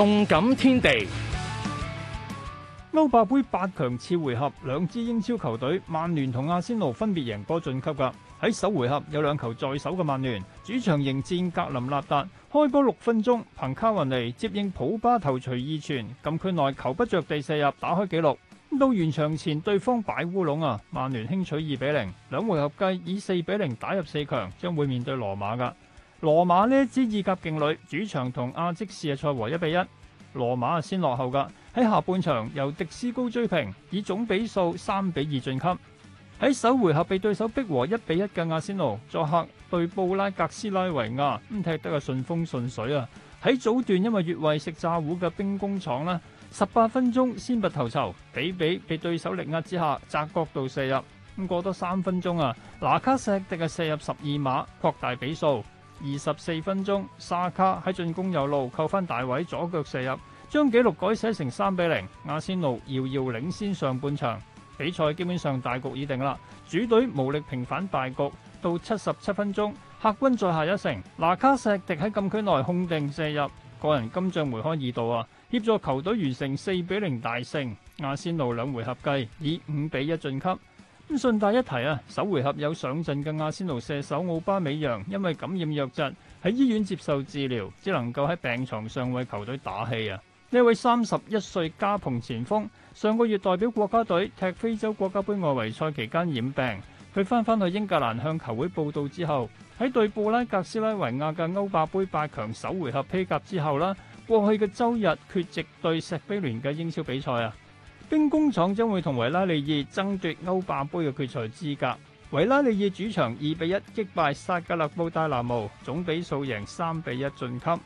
動感天地，歐霸杯八強次回合，兩支英超球隊曼聯同阿仙奴分別贏波晉級噶。喺首回合有兩球在手嘅曼聯，主場迎戰格林納達。開波六分鐘，憑卡云尼接應普巴頭槌二傳，禁區內球不着地射入，打開紀錄。到完場前，對方擺烏龍啊，曼聯輕取二比零。兩回合計以四比零打入四強，將會面對羅馬噶。羅馬呢支意甲勁旅，主場同亞積士嘅賽和一比一，羅馬先落後嘅，喺下半場由迪斯高追平，以總比數三比二晉級。喺首回合被對手逼和一比一嘅亞仙奴，作客對布拉格斯拉維亞咁踢得嘅順風順水啊。喺早段因為越位食炸糊嘅兵工廠呢，十八分鐘先拔頭籌，比比被對手力壓之下窄角度射入，咁過多三分鐘啊，拿卡錫迪係射入十二碼擴大比數。二十四分鐘，沙卡喺進攻右路，扣返大位，左腳射入，將紀錄改寫成三比零，阿仙奴遙遙領先上半場比賽，基本上大局已定啦。主隊無力平反敗局。到七十七分鐘，客軍再下一城，拿卡石迪喺禁區內控定射入，個人金像梅開二度啊，協助球隊完成四比零大勝阿仙奴，兩回合計以五比一晉級。咁順帶一提啊，首回合有上陣嘅阿仙奴射手奧巴美揚因為感染瘧疾喺醫院接受治療，只能夠喺病床上為球隊打氣啊！呢位三十一歲加蓬前鋒上個月代表國家隊踢非洲國家杯外圍賽期間染病，佢翻返去英格蘭向球會報到之後，喺對布拉格斯拉維亞嘅歐霸杯八強首回合披甲之後啦，過去嘅周日缺席對錫菲聯嘅英超比賽啊！兵工廠將會同維拉利爾爭奪歐霸杯嘅決賽資格。維拉利爾主場二比一擊敗薩格勒布戴拿模，總比數贏三比一晉級。